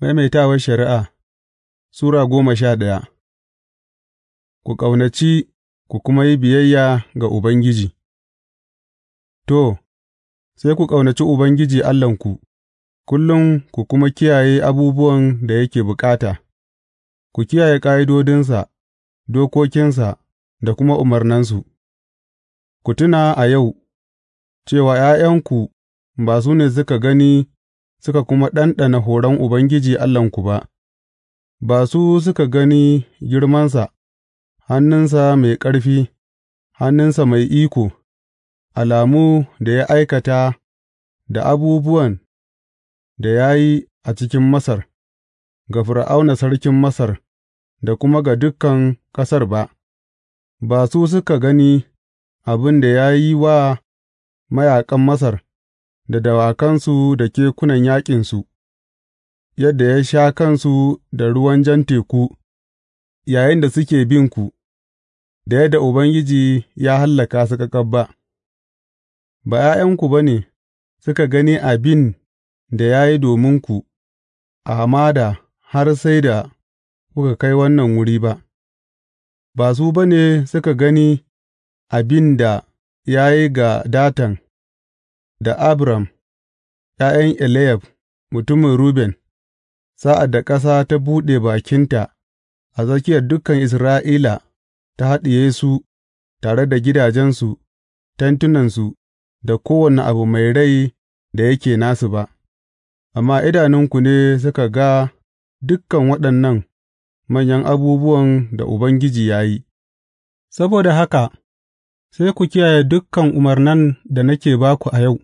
Maimaitawar Shari'a Sura goma sha ɗaya. Ku ƙaunaci ku kuma yi biyayya ga Ubangiji To, sai ku ƙaunaci Ubangiji Allahnku, kullum ku kuma kiyaye abubuwan da yake bukata, ku kiyaye ƙa'idodinsa, dokokinsa da kuma umarnansu, ku tuna a yau cewa ’ya'yanku ba su ne suka gani suka kuma ɗanɗana horon Ubangiji Allahnku ba, ba su suka gani girmansa, hannunsa mai ƙarfi, hannunsa mai iko, alamu da ya aikata da abubuwan da ya yi a cikin Masar, ga Fir'auna sarkin Masar da kuma ga dukan ƙasar ba, ba su suka gani abin da ya yi wa mayaƙan Masar. da dawakansu da kekunan yaƙinsu, yadda ya sha kansu da ruwan jan teku yayin da suke binku, da yadda Ubangiji ya hallaka su ƙaƙab ba, ba ’ya'yanku ba ne suka gani abin da ya yi dominku a hamada har sai da kuka kai wannan wuri ba, ba su ba ne suka gani abin da ya yi ga Datan. da Abram, ’ya'yan Eliyab mutumin Ruben, sa'ad da ƙasa ta buɗe bakinta a tsakiyar dukan Isra'ila ta haɗiye su tare da gidajensu, tentunansu, da kowane abu mai rai da yake nasu ba, amma idanunku ne suka ga dukan waɗannan manyan abubuwan da Ubangiji ya yi, saboda haka sai ku kiyaye dukan umarnan da nake ba ku a yau.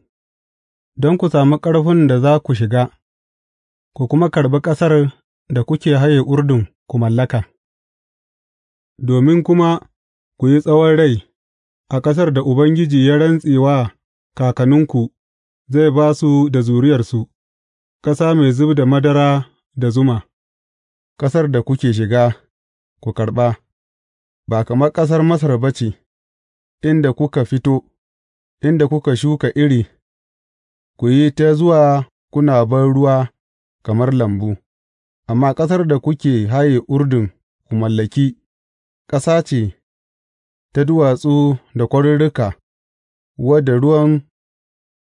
don ku sami ƙarfin da za ku shiga, ku kuma karɓi ƙasar da kuke haye Urdun ku mallaka, domin kuma ku yi tsawon rai a ƙasar da Ubangiji ya rantse wa kakanninku zai ba su da zuriyarsu, ƙasa mai zub da madara da zuma, ƙasar da kuke shiga, ku karɓa, ba kamar ƙasar Masar ba ce, inda kuka fito, inda kuka shuka iri. ku yi ta zuwa kuna banruwa kamar lambu, amma ƙasar da kuke haye Urdun ku mallaki, ƙasa ce ta duwatsu da kwarurruka, wadda ruwan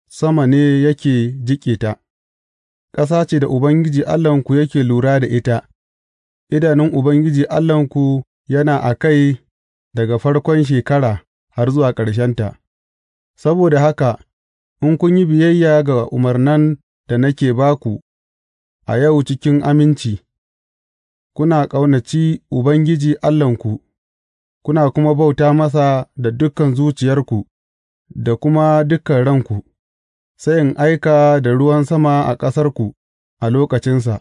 sama ne yake jiƙe ta, ƙasa ce da Ubangiji Allahnku yake lura da ita, idanun Ubangiji Allahnku yana a kai daga farkon shekara har zuwa ƙarshenta, saboda haka in kun yi biyayya ga umarnan da nake ba ku a yau cikin aminci, kuna ƙaunaci Ubangiji Allahnku, kuna kuma bauta masa da dukan zuciyarku da kuma dukan ranku, sai in aika da ruwan sama a ƙasarku a lokacinsa,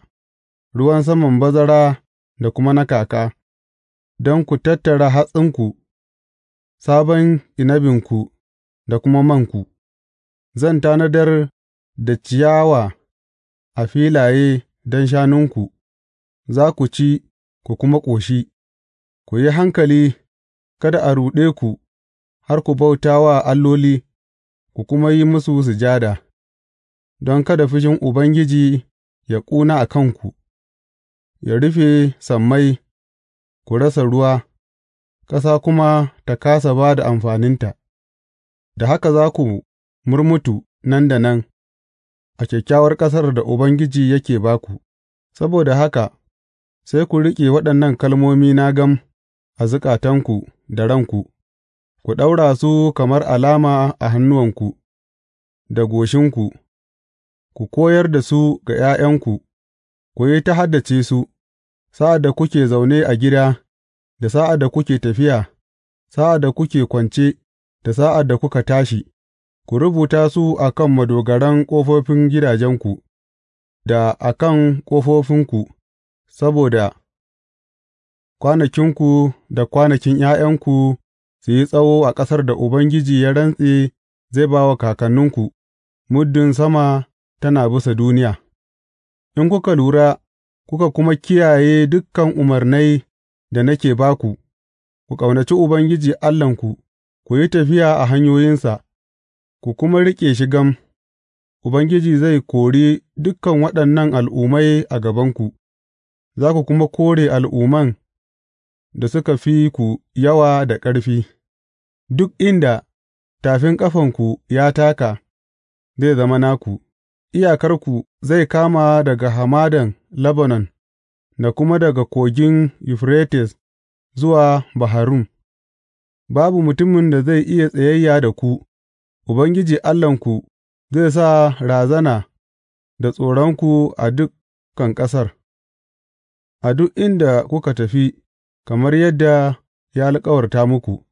ruwan saman bazara da kuma na kaka, don ku tattara hatsinku, sabon inabinku da kuma manku. Zan tanadar da ciyawa a filaye don shanunku, za ku ci ku kuma ƙoshi; ku yi hankali kada a ruɗe ku har ku bauta wa alloli ku kuma yi musu sujada, don kada fushin Ubangiji ya ƙuna a kanku, ya rufe sammai ku rasa ruwa ƙasa kuma ta kasa ba da amfaninta, da haka za ku murmutu nan da nan a kyakkyawar ƙasar da Ubangiji yake ba ku, saboda haka sai ku riƙe waɗannan kalmomi na gam a zukatanku da ranku, ku ɗaura su kamar alama a hannuwanku da goshinku, ku koyar da su ga ’ya'yanku, ku yi ta haddace su, sa'ad da kuke zaune a gida, da sa'ad da kuke tafiya, sa'ad da kuke kwance, da sa'ad da kuka tashi. Ku rubuta su a kan madogaran ƙofofin gidajenku, da a kan ƙofofinku, saboda kwanakinku da kwanakin ’ya'yanku su yi tsawo a ƙasar da Ubangiji ya rantse zai ba wa kakanninku, muddin sama tana bisa duniya, in kuka lura kuka kuma kiyaye dukkan umarnai da nake ba ku, ku ƙaunaci Ubangiji Allahnku, ku yi tafiya a hanyoyinsa. ku kuma riƙe shi gam, Ubangiji zai kori dukan waɗannan al'ummai a gabanku, za ku kuma kore al'umman da suka fi ku yawa da ƙarfi, duk inda tafin ƙafanku ya taka zai zama naku, iyakarku zai kama daga hamadan Lebanon da kuma daga kogin Euphrates zuwa Baharum. babu mutumin da zai iya tsayayya da ku. Ubangiji Allahnku zai sa razana da tsoronku a dukan ƙasar, a duk inda kuka tafi, kamar yadda ya alkawarta muku,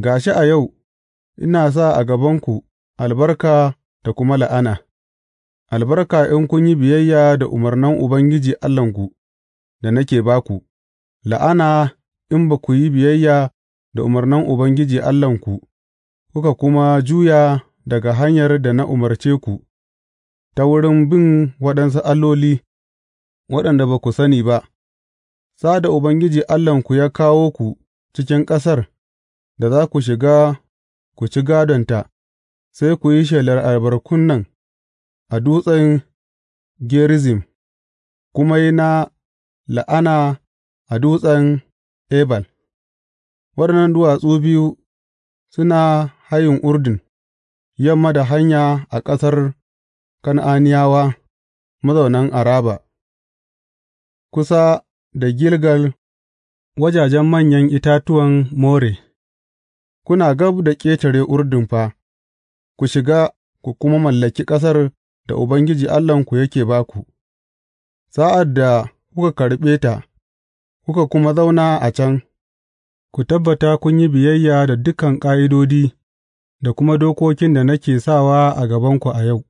Ga shi a yau, ina sa a gabanku albarka da kuma la'ana, albarka in kun yi biyayya da umarnan Ubangiji Allahnku da nake ba ku, la'ana in ba ku yi biyayya da umarnan Ubangiji Allahnku. kuka kuma juya daga hanyar da na umarce ku ta wurin bin waɗansu alloli waɗanda ba ku sani ba, sa'ad da Ubangiji Allahnku ya kawo ku cikin ƙasar da za ku shiga ku ci gādonta, sai ku yi shelar albarkun nan a dutsen Gerizim, kuma yi na la'ana a dutsen Ebal. Waɗannan duwatsu biyu suna hayin Urdun, yamma da hanya a ƙasar Kan'aniyawa mazaunan Araba, kusa da Gilgal wajajen manyan itatuwan More, kuna gab da ƙetare Urdun fa, ku shiga ku kuma mallaki ƙasar da Ubangiji Allahnku yake ba ku, sa'ad da kuka karɓe ta, kuka kuma zauna a can, ku tabbata kun yi biyayya da dukan ƙa'idodi. da kuma dokokin da nake sawa a gabanku a yau.